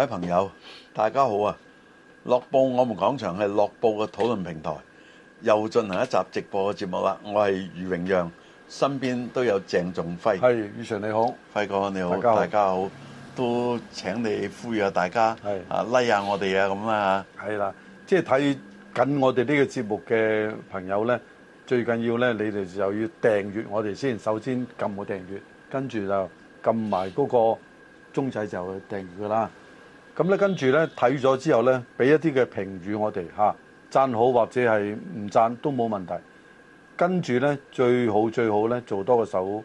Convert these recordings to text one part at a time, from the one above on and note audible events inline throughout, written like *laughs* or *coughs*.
各位朋友，大家好啊！樂報，我們講場係樂報嘅討論平台，又進行一集直播嘅節目啦。我係余榮讓，身邊都有鄭仲輝。係余常你好，輝哥你好，好，大家好，都請你呼籲下、啊、大家，係啊，拉、like、下、啊、我哋啊，咁啊，係啦。即係睇緊我哋呢個節目嘅朋友咧，最緊要咧，你哋就要訂閱我哋先。首先撳個訂閱，跟住就撳埋嗰個鐘仔就去訂閱噶啦。咁咧，跟住咧，睇咗之後咧，俾一啲嘅評語我哋嚇。啊、讚好或者係唔讚都冇問題。跟住咧，最好最好咧，做多個手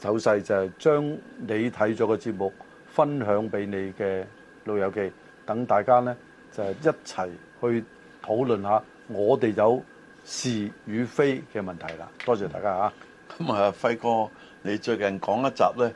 手勢，就係將你睇咗個節目分享俾你嘅老友記，等大家咧就係一齊去討論下我哋有是與非嘅問題啦。多謝大家嚇。咁啊，輝哥，你最近講一集咧，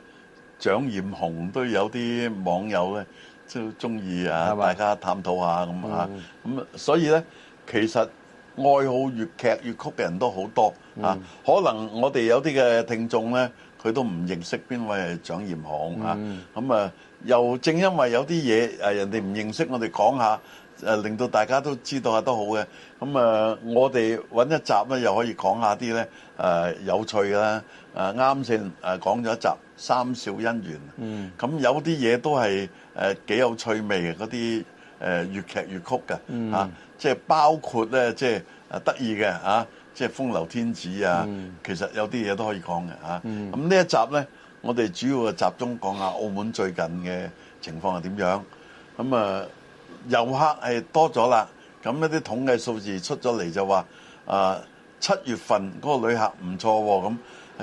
蔣艷紅，都有啲網友咧。都中意啊！大家探討下，咁啊，咁、mm-hmm. 所以咧，其實愛好粵劇粵曲嘅人都好多、mm-hmm. 啊。可能我哋有啲嘅聽眾咧，佢都唔認識邊位係蔣炎行啊。咁、mm-hmm. 啊，又正因為有啲嘢誒，人哋唔認識，我哋講下誒，令到大家都知道下都好嘅。咁啊，我哋揾一集咧，又可以講下啲咧誒有趣啦。誒啱先誒講咗一集《三笑姻緣》。嗯，咁有啲嘢都係誒幾有趣味嘅嗰啲誒粵劇粵曲嘅。嗯，啊，即係包括咧，即係誒、啊、得意嘅啊即係《風流天子》啊、嗯。其實有啲嘢都可以講嘅嚇。嗯，咁呢一集咧，我哋主要嘅集中講下澳門最近嘅情況係點樣。咁啊，遊客係多咗啦。咁一啲統計數字出咗嚟就話誒、啊、七月份嗰個旅客唔錯喎、啊、咁。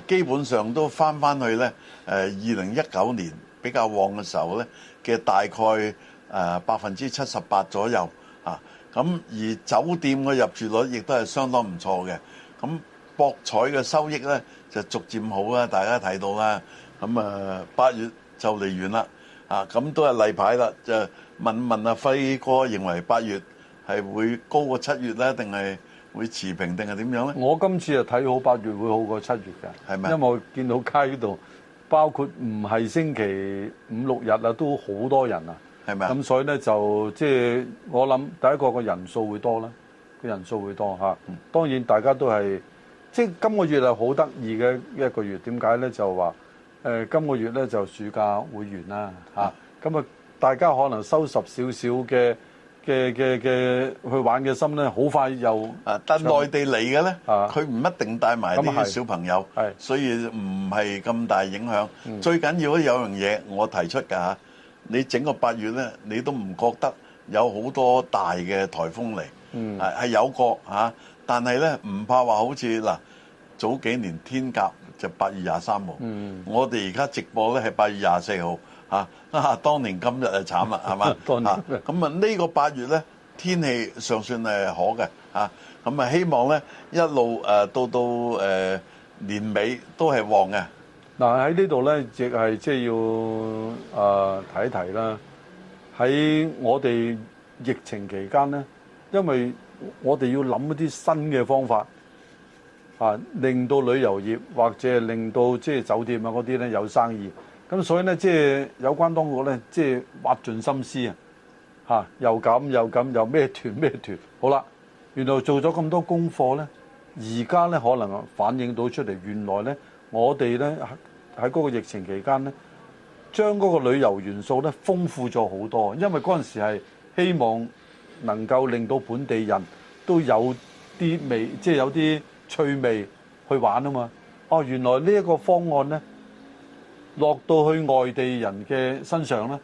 基本上都翻翻去咧，誒二零一九年比較旺嘅時候咧嘅大概誒百分之七十八左右啊，咁而酒店嘅入住率亦都係相當唔錯嘅，咁博彩嘅收益咧就逐漸好啦，大家睇到啦，咁啊八月就嚟完啦，啊咁都係例牌啦，就問問阿輝哥認為八月係會高過七月咧，定係？會持平定係點樣呢？我今次就睇好八月會好過七月嘅，係咪？因為我見到街度，包括唔係星期五六日啊，都好多人啊，係咪？咁所以呢，就即、是、係我諗，第一個個人數會多啦，個人數會多吓、啊。當然大家都係即係今個月係好得意嘅一個月，點解呢？就話誒、呃、今個月呢，就暑假會完啦，吓、啊、咁啊，啊！大家可能收拾少少嘅。嘅嘅嘅去玩嘅心咧，好快又啊！但內地嚟嘅咧，佢唔一定帶埋啲小朋友，所以唔係咁大影響。最緊要咧，有樣嘢，我提出㗎吓，你整個八月咧，你都唔覺得有好多大嘅颱風嚟，係係有個吓，但係咧唔怕話好似嗱，早幾年天鴿就八月廿三號，我哋而家直播咧係八月廿四號。啊，當年今日就慘啦，係嘛？咁 *laughs* 啊，這個呢個八月咧，天氣尚算誒好嘅，嚇！咁啊，希望咧一路誒、啊、到到誒、啊、年尾都係旺嘅。嗱、啊，喺呢度咧，即係即係要誒睇一睇啦。喺、呃、我哋疫情期間咧，因為我哋要諗一啲新嘅方法，嚇、啊，令到旅遊業或者係令到即係酒店啊嗰啲咧有生意。咁所以呢，即係有關當局呢，即係挖盡心思啊！吓，又咁又咁又咩團咩團，好啦，原來做咗咁多功課呢，而家呢，可能反映到出嚟，原來呢，我哋呢喺嗰個疫情期間呢，將嗰個旅遊元素呢豐富咗好多，因為嗰陣時係希望能夠令到本地人都有啲味，即係有啲趣味去玩啊嘛！哦、啊，原來呢一個方案呢，落到去外地人嘅身上咧，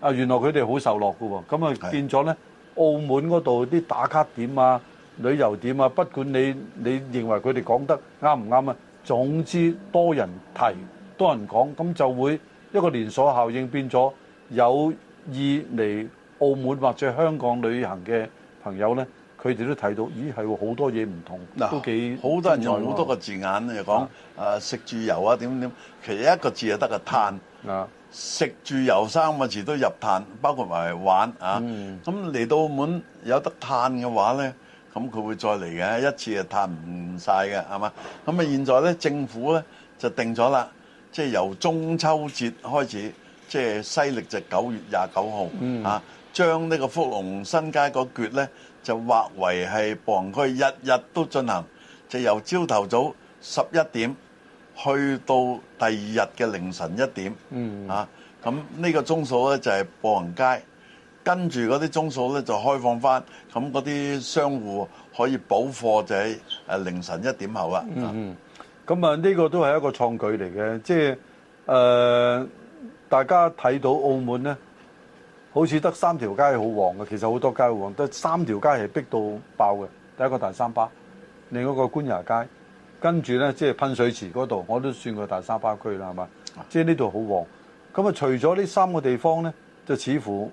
啊，原來佢哋好受落噶喎，咁啊變咗咧，澳門嗰度啲打卡點啊、旅遊點啊，不管你你認為佢哋講得啱唔啱啊，總之多人提、多人講，咁就會一個連鎖效應，變咗有意嚟澳門或者香港旅行嘅朋友咧。佢哋都睇到，咦，係好多嘢唔同，都幾好多人用好多個字眼就講、啊啊，食住遊啊點點，其實一個字就得個嘆啊，食住遊三個字都入嘆，包括埋玩啊，咁、嗯、嚟到澳門有得嘆嘅話咧，咁佢會再嚟嘅，一次就「嘆唔晒嘅，係嘛？咁啊，現在咧、嗯、政府咧就定咗啦，即、就、係、是、由中秋節開始，即、就、係、是、西歷就九月廿九號啊，將呢個福隆新街個撅咧。就劃為係步行區，日日都進行，就由朝頭早十一點去到第二日嘅凌晨一點、嗯，啊，咁呢個鐘數咧就係、是、步行街，跟住嗰啲鐘數咧就開放翻，咁嗰啲商戶可以補貨就喺凌晨一點後啦。嗯，咁啊，呢個都係一個創舉嚟嘅，即係誒大家睇到澳門咧。好似得三條街好旺嘅，其實好多街好旺，得三條街係逼到爆嘅。第一個大三巴，另一個官也街，跟住呢，即係噴水池嗰度，我都算過大三巴區啦，係嘛？即係呢度好旺。咁啊，除咗呢三個地方呢，就似乎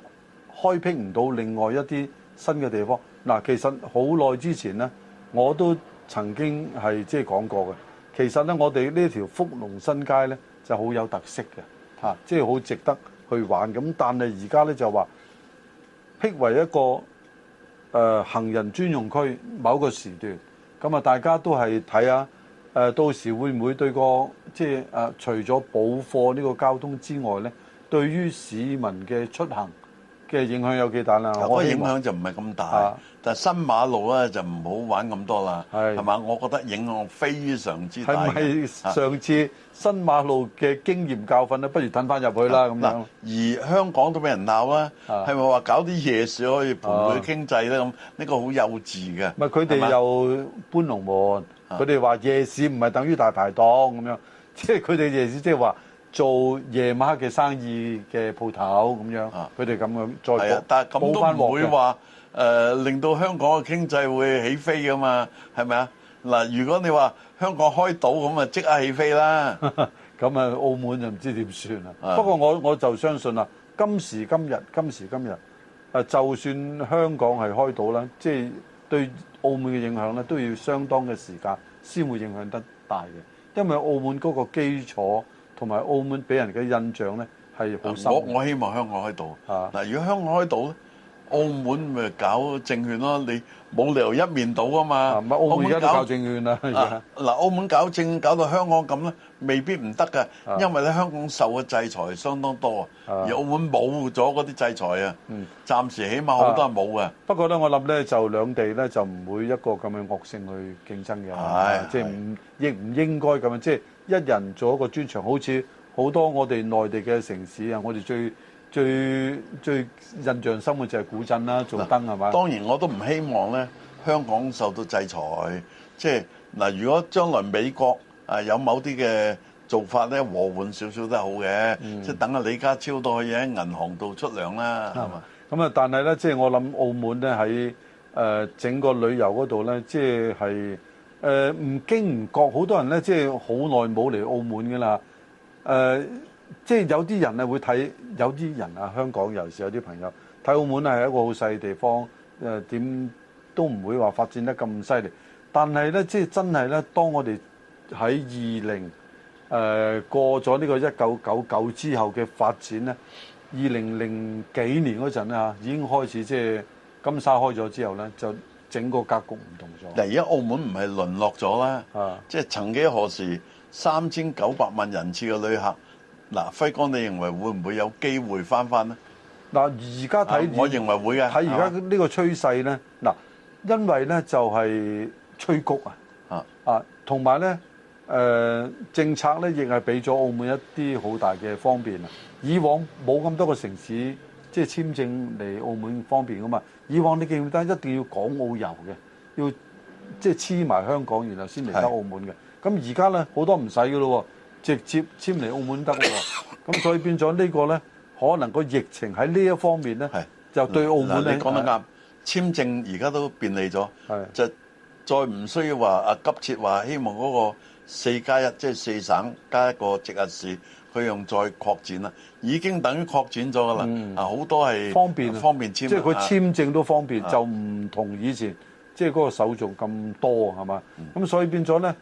開闢唔到另外一啲新嘅地方。嗱，其實好耐之前呢，我都曾經係即係講過嘅。其實呢，我哋呢條福隆新街呢，就好有特色嘅，嚇，即係好值得。去玩咁，但係而家咧就話闢為一個誒、呃、行人專用區某個時段咁啊，大家都係睇下誒、呃、到時會唔會對個即係誒除咗補貨呢個交通之外咧，對於市民嘅出行？嘅影響有幾大啦？我嘅影響就唔係咁大，啊、但係新馬路咧就唔好玩咁多啦，係嘛？我覺得影響非常之大。係咪上次新馬路嘅經驗教訓咧，不如褪翻入去啦咁啦？而香港都俾人鬧啦，係咪話搞啲夜市可以陪佢經濟咧？咁、啊、呢、呢個好幼稚嘅。唔係佢哋又搬龍門，佢哋話夜市唔係等於大排檔咁樣，即係佢哋夜市即係話。做夜晚黑嘅生意嘅鋪頭咁樣，佢哋咁樣再補翻落去。但係咁都唔會話誒，令到香港嘅經濟會起飛㗎嘛？係咪啊？嗱，如果你話香港開島咁啊，即刻起飛啦！咁啊，澳門就唔知點算啦。不過我我就相信啦，今時今日，今時今日，誒，就算香港係開島啦，即係對澳門嘅影響咧，都要相當嘅時間先會影響得大嘅，因為澳門嗰個基礎。同埋澳門俾人嘅印象咧係好深，我我希望香港開賭。嗱，如果香港開賭咧，澳門咪搞證券咯？你冇理由一面倒啊嘛！咪澳門一路搞證券啦。嗱，澳門搞證搞到香港咁咧，未必唔得㗎，因為咧香港受嘅制裁相當多，而澳門冇咗嗰啲制裁啊。暫時起碼好多人都冇嘅。不過咧，我諗咧就兩地咧就唔會一個咁嘅惡性去競爭嘅，即係唔應唔應該咁樣即係。一人做一個專場，好似好多我哋內地嘅城市啊！我哋最最最印象深嘅就係古鎮啦，做燈係嘛？當然我都唔希望咧，香港受到制裁。即係嗱，如果將來美國有某啲嘅做法咧，和緩少少都係好嘅。即、嗯、係等下李家超都可以喺銀行度出糧啦，係嘛？咁、嗯、啊，但係咧，即、就、係、是、我諗澳門咧喺整個旅遊嗰度咧，即係。誒、呃、唔經唔覺，好多人呢，即係好耐冇嚟澳門㗎啦、呃。即係有啲人咧會睇，有啲人啊，香港尤其是有啲朋友睇澳門係一個好細嘅地方。誒、呃、點都唔會話發展得咁犀利。但係呢，即係真係呢，當我哋喺二零誒過咗呢個一九九九之後嘅發展呢，二零零幾年嗰陣啊，已經開始即係金沙開咗之後呢。就。整個格局唔同咗。嗱，而家澳門唔係淪落咗啦，是啊、即係曾幾何時三千九百萬人次嘅旅客，嗱，輝哥，你認為會唔會有機會翻翻呢？嗱，而家睇，我認為會嘅。睇而家呢個趨勢咧，嗱，因為咧就係吹谷是啊還有呢，啊、呃，同埋咧，誒政策咧亦係俾咗澳門一啲好大嘅方便啊。以往冇咁多個城市即係、就是、簽證嚟澳門方便噶嘛。以往你記唔記得一定要港澳遊嘅，要即係黐埋香港，然後先嚟得澳門嘅。咁而家咧好多唔使噶咯，直接簽嚟澳門得喎。咁 *coughs* 所以變咗呢個咧，可能個疫情喺呢一方面咧，就對澳門嚟講嗱，講得啱，簽證而家都便利咗，就再唔需要話啊急切話希望嗰個四加一，即係四省加一個直轄市。佢用再擴展啦，已經等於擴展咗噶啦。啊、嗯，好多係方便方便簽，即係佢簽證都方便，啊、就唔同以前，即係嗰個手續咁多，係嘛？咁、嗯、所以變咗咧，誒、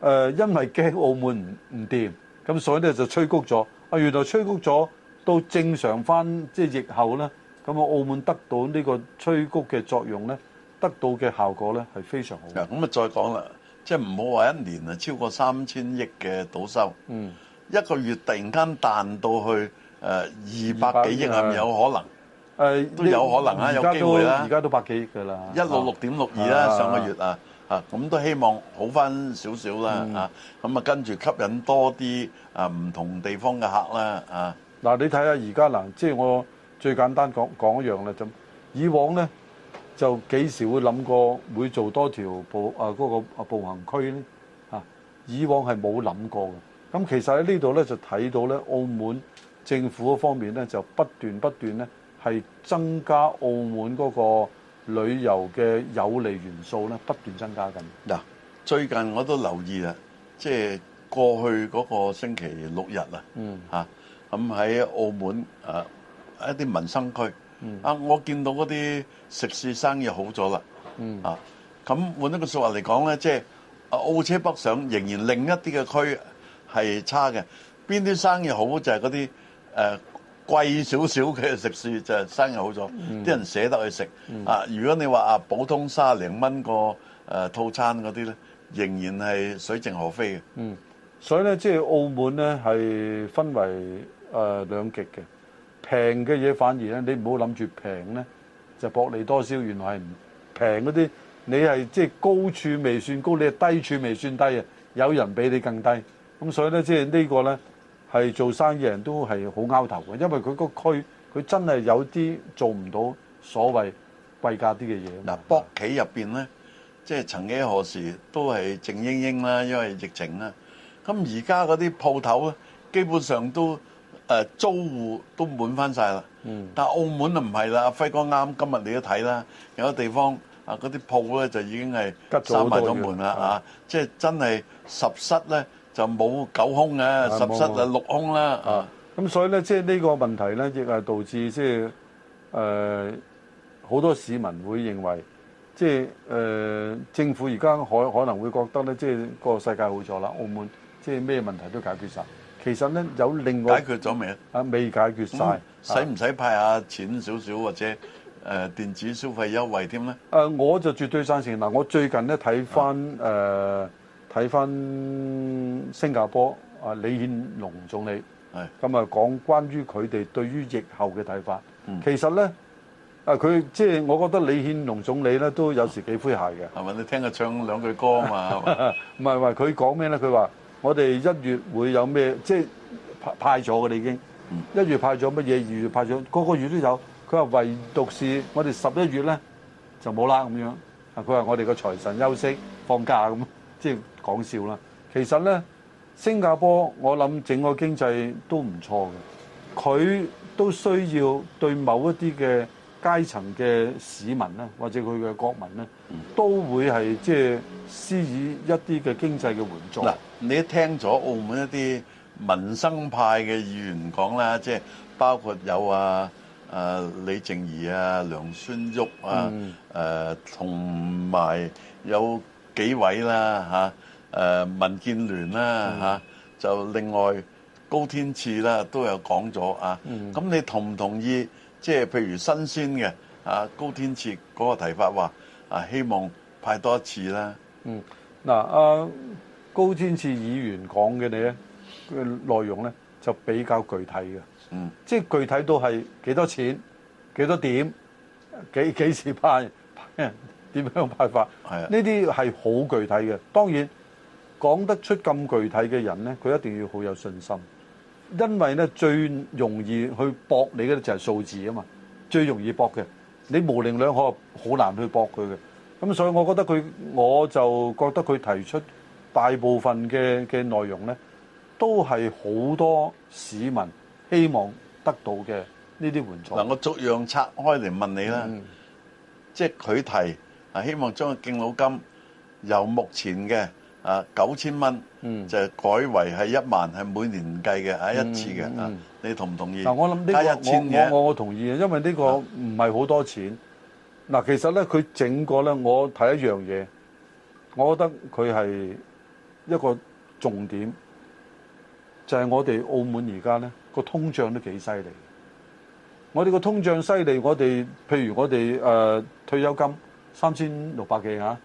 呃，因為驚澳門唔掂，咁所以咧就催谷咗。啊，原來催谷咗到正常翻，即、就、係、是、疫後咧，咁啊，澳門得到呢個催谷嘅作用咧，得到嘅效果咧係非常好。咁啊，再講啦，即係唔好話一年啊超過三千億嘅賭收。嗯。一個月突然間彈到去誒二百幾億係咪有可能？誒、呃、都有可能啊，有機會啦。而家都百幾億㗎啦，一到六點六二啦，上個月啊，啊咁、啊、都希望好翻少少啦，啊咁啊跟住吸引多啲啊唔同地方嘅客啦，嗯，啊嗱你睇下而家嗱，即係我最簡單講講一樣啦，就以往咧就幾時會諗過會做多條步誒嗰、啊那個步行區咧？啊，以往係冇諗過嘅。咁其實喺呢度咧，就睇到咧澳門政府嗰方面咧，就不斷不斷咧係增加澳門嗰個旅遊嘅有利元素咧，不斷增加緊。嗱，最近我都留意啊，即係過去嗰個星期六日啊，嚇咁喺澳門啊一啲民生區啊，我見到嗰啲食肆生意好咗啦，啊咁換一個說話嚟講咧，即係澳車北上，仍然另一啲嘅區。係差嘅，邊啲生意好就係嗰啲誒貴少少嘅食肆就係生意好咗，啲、mm-hmm. 人捨得去食、mm-hmm. 啊。如果你話啊，普通三零蚊個誒、呃、套餐嗰啲咧，仍然係水靜河飛嘅。嗯，所以咧，即係澳門咧係分為誒、呃、兩極嘅，平嘅嘢，的東西反而咧你唔好諗住平咧就薄利多銷。原來係唔平嗰啲，你係即係高處未算高，你係低處未算低啊。有人比你更低。咁所以咧，即係呢個咧，係做生意人都係好撓頭嘅，因為佢個區佢真係有啲做唔到所謂貴價啲嘅嘢。嗱，博企入邊咧，即係曾幾何時都係靜英英啦，因為疫情啦。咁而家嗰啲鋪頭咧，基本上都誒租戶都滿翻曬啦。嗯。但係澳門就唔係啦，輝哥啱今日你都睇啦，有個地方啊，嗰啲鋪咧就已經係閂埋咗門啦啊！即係真係十室咧。就冇九空嘅、啊，十室就，啊六空啦啊！咁、啊啊啊啊嗯啊啊、所以咧，即係呢、這個問題咧，亦係導致即係誒好多市民會認為，即係誒、呃、政府而家可可能會覺得咧，即係、這個世界好咗啦，澳門即係咩問題都解決晒，其實咧有另外解決咗未啊？啊未解決晒？使唔使派下錢少少或者誒電子消費優惠添咧？誒、啊、我就絕對贊成嗱、啊，我最近咧睇翻誒。睇翻新加坡啊李顯龍總理，咁啊、嗯、講關於佢哋對於疫後嘅睇法。其實咧啊，佢即係我覺得李顯龍總理咧都有時幾詼諧嘅。係咪你聽佢唱兩句歌啊嘛？係咪？唔係唔係，佢講咩咧？佢話我哋一月會有咩？即係派咗嘅。你已經一月派咗乜嘢？二月派咗，個個月都有。佢話唯獨是我哋十一月咧就冇啦咁樣。啊，佢話我哋個財神休息放假咁，即係。講笑啦，其實咧，新加坡我諗整個經濟都唔錯嘅，佢都需要對某一啲嘅階層嘅市民咧，或者佢嘅國民咧，都會係即係施以一啲嘅經濟嘅援助。嗱、嗯，你聽咗澳門一啲民生派嘅議員講啦，即係包括有啊，誒、啊、李鄭怡啊、梁孫旭啊，誒同埋有幾位啦、啊、嚇。啊誒、呃、民建聯啦、啊嗯啊、就另外高天賜啦、啊、都有講咗啊。咁、嗯、你同唔同意？即係譬如新鮮嘅啊，高天賜嗰個提法話啊，希望派多一次啦。嗯，嗱、呃，高天賜議員講嘅你咧內容咧就比較具體嘅。嗯，即係具體到係幾多錢、幾多點、幾幾時派、點樣派法。係啊，呢啲係好具體嘅。當然。講得出咁具體嘅人呢，佢一定要好有信心，因為呢最容易去駁你嘅就係數字啊嘛，最容易駁嘅，你模棱兩可，好難去駁佢嘅。咁所以我覺得佢，我就覺得佢提出大部分嘅嘅內容呢，都係好多市民希望得到嘅呢啲援助。嗱、嗯，我逐樣拆開嚟問你啦，即係佢提啊，希望將個敬老金由目前嘅。啊，九千蚊就係、改為係一萬，係每年計嘅，係一次嘅。啊、嗯嗯，你同唔同意？嗱、嗯，我諗呢、這個 1, 我我我我同意因為呢個唔係好多錢。嗱、嗯，其實咧，佢整個咧，我睇一樣嘢，我覺得佢係一個重點，就係、是、我哋澳門而家咧個通脹都幾犀利。我哋個通脹犀利，我哋譬如我哋誒、呃、退休金三千六百幾啊，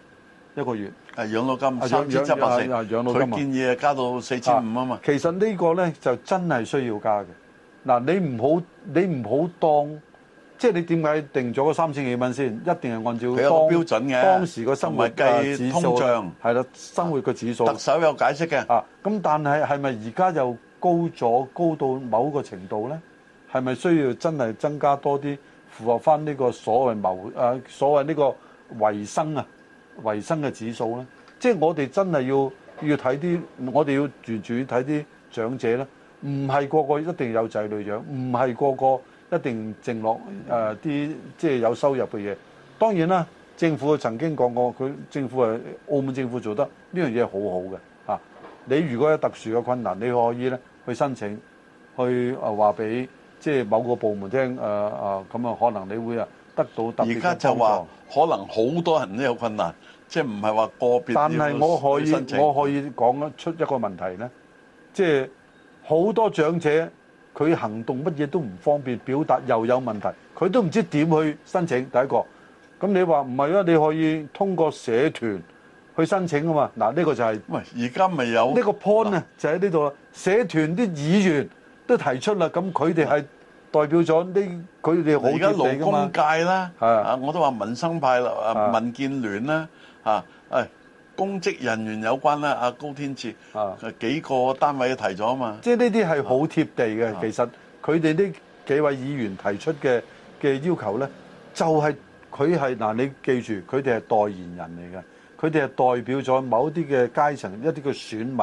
個一個月。係養老金三千七百四、啊、養老金建議加到四千五啊嘛。其實呢個呢個咧就真係需要加嘅。嗱、啊，你唔好你唔好當，即、就、係、係、你點解定咗三千幾蚊先？一定係按照當個標準嘅當時個生活嘅、啊、指數通脹係啦，生活嘅指數、啊。特首有解釋嘅。啊，咁但係係咪而家又高咗？高到某個程度咧，係咪需要真係增加多啲，符合翻呢個所謂謀啊，所謂呢個維生啊？維生嘅指數呢，即係我哋真係要要睇啲，我哋要主主要睇啲長者咧，唔係個個一定有仔女養，唔係個個一定剩落啲、呃、即係有收入嘅嘢。當然啦，政府曾經講過，佢政府係澳門政府做得呢樣嘢好好嘅、啊、你如果有特殊嘅困難，你可以咧去申請，去話俾、呃、即係某個部門聽，誒咁啊可能你會啊。得到特別而家就話可能好多人都有困難，即係唔係話個別，但係我可以我可以講出一個問題咧，即係好多長者佢行動乜嘢都唔方便，表達又有問題，佢都唔知點去申請。第一個，咁你話唔係啊？你可以通過社團去申請啊嘛。嗱、這、呢個就係、是、喂，而家咪有呢、這個 point 咧、啊，就喺呢度啦。社團啲議員都提出啦，咁佢哋係。代表咗呢佢哋好貼地噶嘛，而家勞工界啦，啊，我都話民生派啦、啊、民建聯啦、啊啊，哎、公職人員有關啦，阿高天賜啊，幾個單位都提咗啊嘛，即係呢啲係好貼地嘅。其實佢哋呢幾位議員提出嘅嘅要求咧，就係佢係嗱，你記住，佢哋係代言人嚟嘅，佢哋係代表咗某啲嘅階層，一啲嘅選民，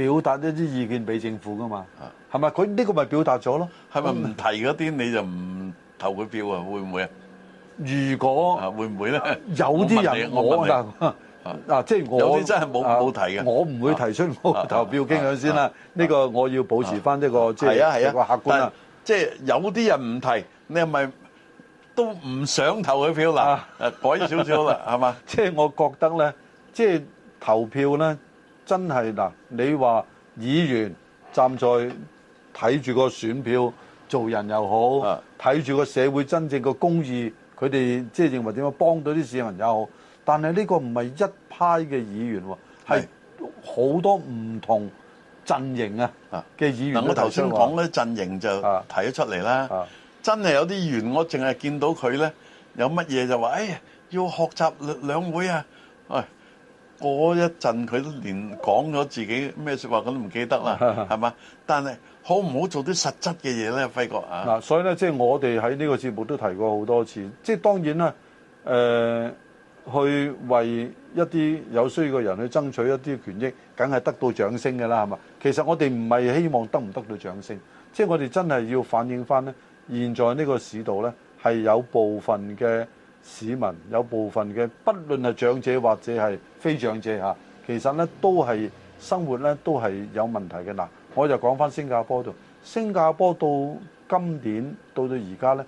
表達一啲意見俾政府噶嘛，係咪佢呢個咪表達咗咯？係咪唔提嗰啲你就唔投佢票啊？會唔會啊？如果、啊、會唔會咧？有啲人我，我，我啊，嗱、啊、即係我有啲真係冇冇提嘅，我唔會提出我投票傾向先啦。呢、啊啊呢個我要保持翻、呢、呢個即係、啊就是啊就是、客觀啦。即係、啊啊就是、有啲人唔提，你係咪都唔想投佢票啦、啊？改少少啦，係 *laughs* 嘛？即、就、係、是、我覺得咧，即、就、係、是、投票咧。真係嗱，你話議員站在睇住個選票做人又好，睇住個社會真正個公義，佢哋即係認為點樣幫到啲市民又好。但係呢個唔係一派嘅議員喎，係好多唔同陣營啊嘅議員。我頭先講嗰陣營就提咗出嚟啦。真係有啲議員，我淨係見到佢咧有乜嘢就話，哎，要學習兩會啊！哎我一陣佢都連講咗自己咩說話，佢都唔記得啦，係嘛？但係好唔好做啲實質嘅嘢咧，輝哥啊！嗱、啊，所以咧，即、就、係、是、我哋喺呢個節目都提過好多次，即、就、係、是、當然啦，誒、呃，去為一啲有需要嘅人去爭取一啲權益，梗係得到掌聲嘅啦，係嘛？其實我哋唔係希望得唔得到掌聲，即係我哋真係要反映翻咧，現在呢個市道咧係有部分嘅。市民有部分嘅，不論係長者或者係非長者吓，其實咧都係生活咧都係有問題嘅嗱。我就講翻新加坡度，新加坡到今年到到而家咧，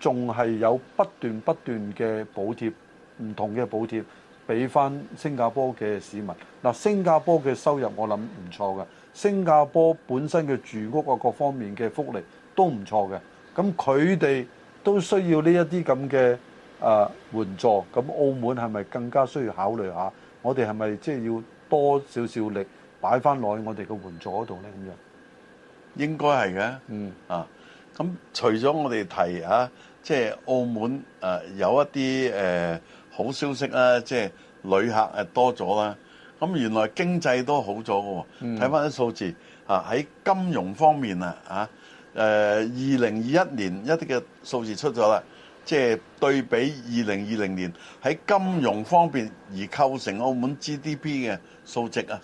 仲係有不斷不斷嘅補貼，唔同嘅補貼俾翻新加坡嘅市民嗱。新加坡嘅收入我諗唔錯嘅，新加坡本身嘅住屋啊各方面嘅福利都唔錯嘅，咁佢哋都需要呢一啲咁嘅。誒、啊、援助咁，澳門係咪更加需要考慮下？我哋係咪即係要多少少力擺翻落去我哋嘅援助嗰度咧？咁樣應該係嘅。嗯啊，咁除咗我哋提即係、啊即係、澳門、啊、有一啲誒、啊、好消息啦，即、啊、係、即係、旅客多咗啦。咁、啊、原來經濟都好咗嘅喎。睇翻啲數字啊，喺金融方面啊，啊誒二零二一年一啲嘅數字出咗啦。即係對比二零二零年喺金融方面而構成澳門 GDP 嘅數值啊，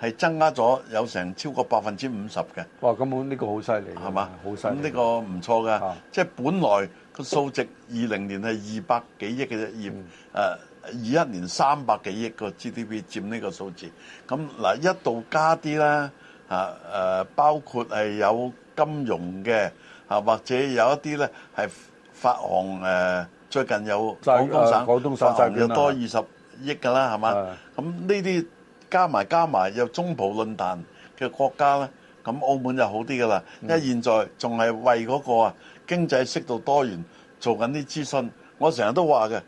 係增加咗有成超過百分之五十嘅。哇！咁本呢個好犀利，係嘛？好犀利。咁呢個唔錯㗎，即係本來個數值二零年係二百幾億嘅啫，誒二一年三百幾億個 GDP 佔呢個數字。咁嗱一度加啲啦，啊誒包括係有金融嘅，啊或者有一啲咧係。發行誒最近有廣東省、省、省發行又多二十億㗎啦，係嘛？咁呢啲加埋加埋有中葡論壇嘅國家咧，咁澳門就好啲㗎啦。因為現在仲係為嗰個啊經濟適度多元做緊啲諮詢。我成日都話嘅，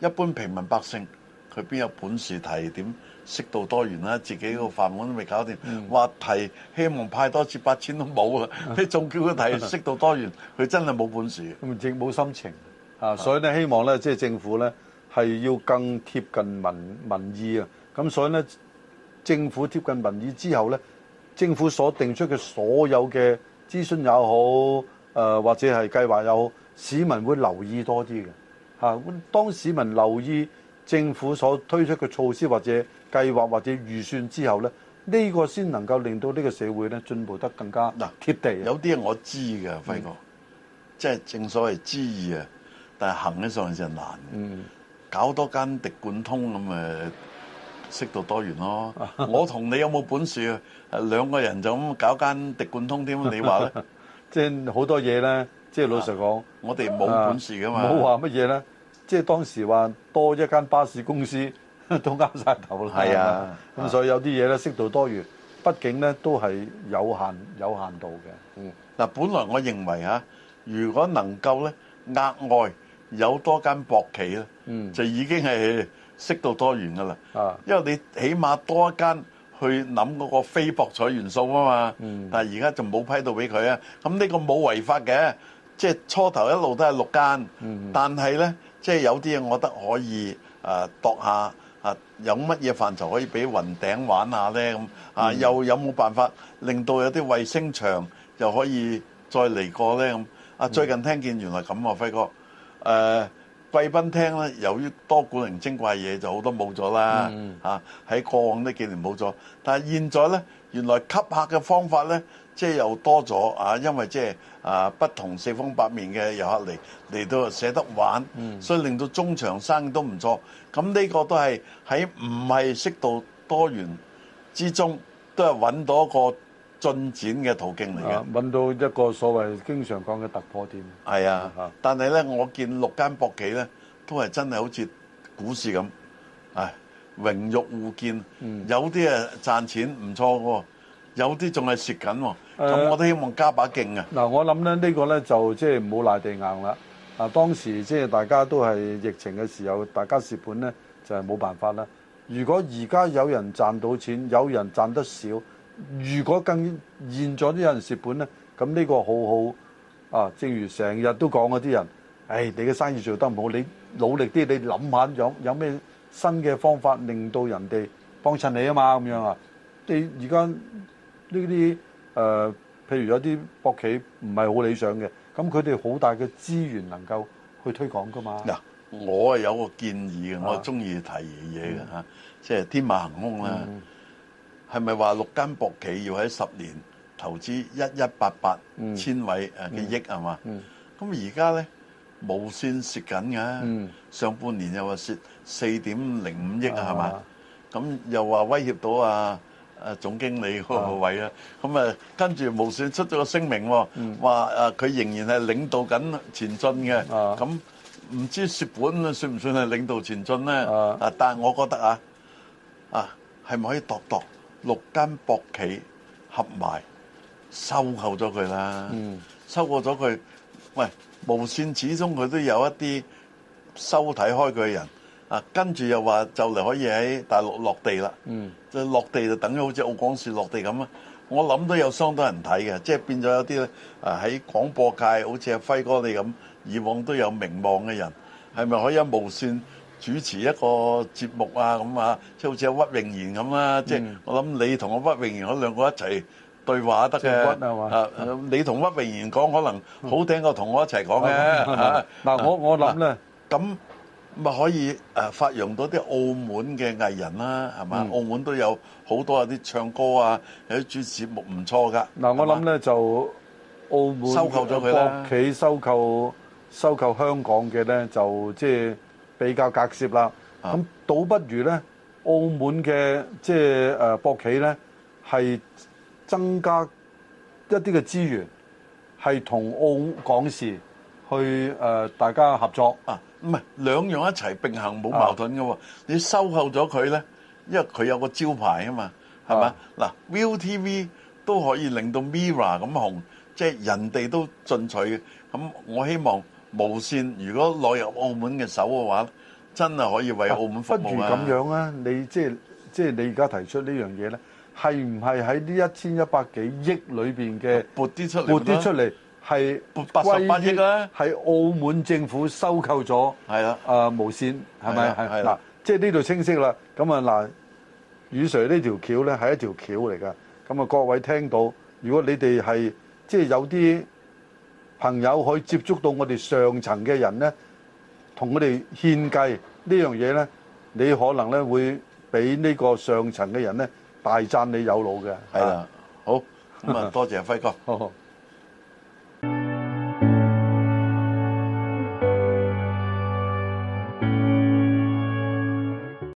一般平民百姓佢邊有本事提點？適度多元啦，自己個飯碗都未搞掂。話題希望派多次八千都冇啊！你仲叫佢提適度多元，佢 *laughs* 真係冇本事，亦冇心情嚇。所以咧，希望咧，即係政府咧係要更貼近民民意啊。咁所以咧，政府貼近民意之後咧，政府所定出嘅所有嘅諮詢又好，誒或者係計劃又好，市民會留意多啲嘅嚇。當市民留意政府所推出嘅措施，或者計劃，或者預算之後咧，呢個先能夠令到呢個社會咧進步得更加嗱貼地。嗯、有啲我知嘅輝哥，嗯、即係正所謂知易，但係行起上嚟就難嗯，搞多間滴灌通咁咪適度多元咯。 *laughs* 我同你有冇本事啊？兩個人就咁搞間滴灌通點 *laughs* 啊？你話咧，即係好多嘢咧，即係老實講，我哋冇本事噶嘛。冇話乜嘢咧？即係當時話多一間巴士公司都啱晒頭啦。係啊，咁所以有啲嘢咧，適度多元，畢竟咧都係有限有限度嘅。嗯。嗱，本來我認為嚇，如果能夠咧額外有多間博企咧，嗯，就已經係適度多元㗎啦。啊，因為你起碼多一間去諗嗰個非博彩元素啊嘛。嗯。但係而家就冇批到俾佢啊。咁呢個冇違法嘅，即係初頭一路都係六間。嗯。但係咧。即係有啲嘢，我覺得可以誒、呃、度下啊，有乜嘢範疇可以俾雲頂玩下咧咁啊，啊？又有冇辦法令到有啲衛星場又可以再嚟過咧咁？啊，最近聽見原來咁啊，輝哥誒、啊，貴賓廳咧由於多古靈精怪嘢，就好多冇咗啦嚇，喺過往呢幾年冇咗，但係現在咧。原來吸客嘅方法呢，即係又多咗啊！因為即係啊，不同四方八面嘅遊客嚟嚟到啊，捨得玩，所以令到中場生意都唔錯。咁呢個都係喺唔係適度多元之中，都係揾到一個進展嘅途徑嚟嘅，揾到一個所謂經常講嘅突破點。係啊，但係呢，我見六間博企呢，都係真係好似股市咁，唉。榮辱互見，有啲啊賺錢唔錯喎，有啲仲係蝕緊喎。咁、嗯、我都希望加把勁嘅、啊。嗱、呃呃，我諗咧呢、呢個咧就即係唔好賴地硬啦。啊、呃，當時即係大家都係疫情嘅時候，大家蝕本咧就係、是、冇辦法啦。如果而家有人賺到錢，有人賺得少，如果更現咗啲人蝕本咧，咁呢個好好啊、呃！正如成日都講嗰啲人，誒、哎，你嘅生意做得唔好，你努力啲，你諗下有有咩？新嘅方法令到人哋幫襯你啊嘛，咁樣啊。你而家呢啲誒，譬如有啲博企唔係好理想嘅，咁佢哋好大嘅資源能夠去推廣㗎嘛？嗱，我係有個建議嘅，我中意提嘢嘅吓，即係天馬行空啦。係咪話六間博企要喺十年投資一一八八千位誒嘅億係嘛？咁而家咧無線蝕緊嘅，上半年又話蝕。四點零五億係嘛？咁又話威脅到啊啊總經理嗰個位啊！咁啊跟住無線出咗個聲明，話啊佢仍然係領導緊前進嘅。咁唔知蝕本算唔算係領導前進咧？啊，但係我覺得啊啊，係咪可以度度六間博企合埋收購咗佢啦？嗯，收購咗佢，喂無線始終佢都有一啲收睇開佢嘅人。啊，跟住又話，就嚟可以喺大陸落地啦。嗯，就落地，就等於好似澳廣視落地咁，我諗都有相當人睇㗎，即係變咗有啲呢，喺廣播界，好似阿輝哥你咁，以往都有名望嘅人，係咪可以無線主持一個節目呀咁啊，即係好似阿屈穎妍咁啊，即係我諗你同阿屈穎妍兩個一齊對話得嘅，你同屈穎妍講可能好聽過同我一齊講㗎。 *laughs* 啊， *laughs* 咪可以誒發揚到啲澳門嘅藝人啦，係嘛？嗯、澳門都有好多啲唱歌啊，有啲主持節目唔錯噶。嗱、嗯，我諗咧就澳門嘅博企收購收，收購香港嘅咧，就即係比較隔涉啦。咁、啊、倒不如咧澳門嘅即係誒博企咧，係增加一啲嘅資源，係同澳港視去誒、呃、大家合作。啊唔係兩樣一齊並行冇矛盾嘅喎，你收購咗佢呢，因為佢有個招牌啊嘛，係嘛？嗱，ViuTV 都可以令到 Mirror 咁紅，即係人哋都進取嘅。咁我希望無線如果落入澳門嘅手嘅話，真係可以為澳門服務啊！不如咁樣啊，你即係即係你而家提出呢樣嘢呢，係唔係喺呢一千一百幾億裏邊嘅撥啲出嚟撥啲出嚟？係八十八億啦，係澳門政府收購咗，係啦，啊無線係咪係？嗱，即係呢度清晰啦。咁啊嗱，余 Sir 呢條橋咧係一條橋嚟㗎。咁啊各位聽到，如果你哋係即係有啲朋友可以接觸到我哋上層嘅人咧，同我哋獻計這樣東西呢樣嘢咧，你可能咧會俾呢個上層嘅人咧大讚你有腦嘅。係啦、啊，好咁啊，多謝輝哥。 *laughs* 好好